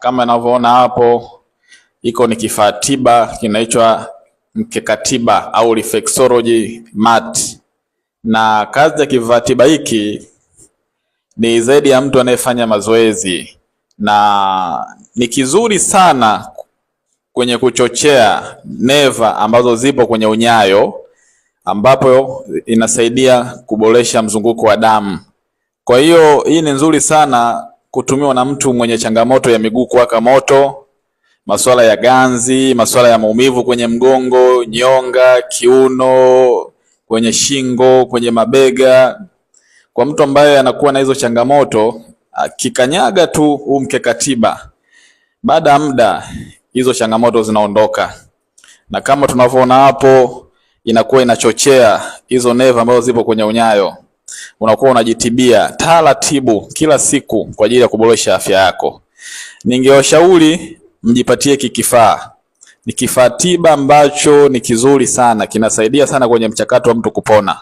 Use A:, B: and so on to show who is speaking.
A: Kama inavyoona hapo, iko ni kifaa tiba kinaitwa mkekatiba au reflexology mat, na kazi ya kifaa tiba hiki ni zaidi ya mtu anayefanya mazoezi, na ni kizuri sana kwenye kuchochea neva ambazo zipo kwenye unyayo, ambapo inasaidia kuboresha mzunguko wa damu. Kwa hiyo hii ni nzuri sana kutumiwa na mtu mwenye changamoto ya miguu kuwaka moto, masuala ya ganzi, masuala ya maumivu kwenye mgongo, nyonga, kiuno, kwenye shingo, kwenye mabega. Kwa mtu ambaye anakuwa na hizo changamoto, akikanyaga tu huu mkeka tiba, baada ya muda hizo changamoto zinaondoka, na kama tunavyoona hapo, inakuwa inachochea hizo neva ambazo zipo kwenye unyayo unakuwa unajitibia taratibu kila siku kwa ajili ya kuboresha afya yako. Ningewashauri mjipatie kikifaa Ni kifaa tiba ambacho ni kizuri sana, kinasaidia sana kwenye mchakato wa mtu kupona.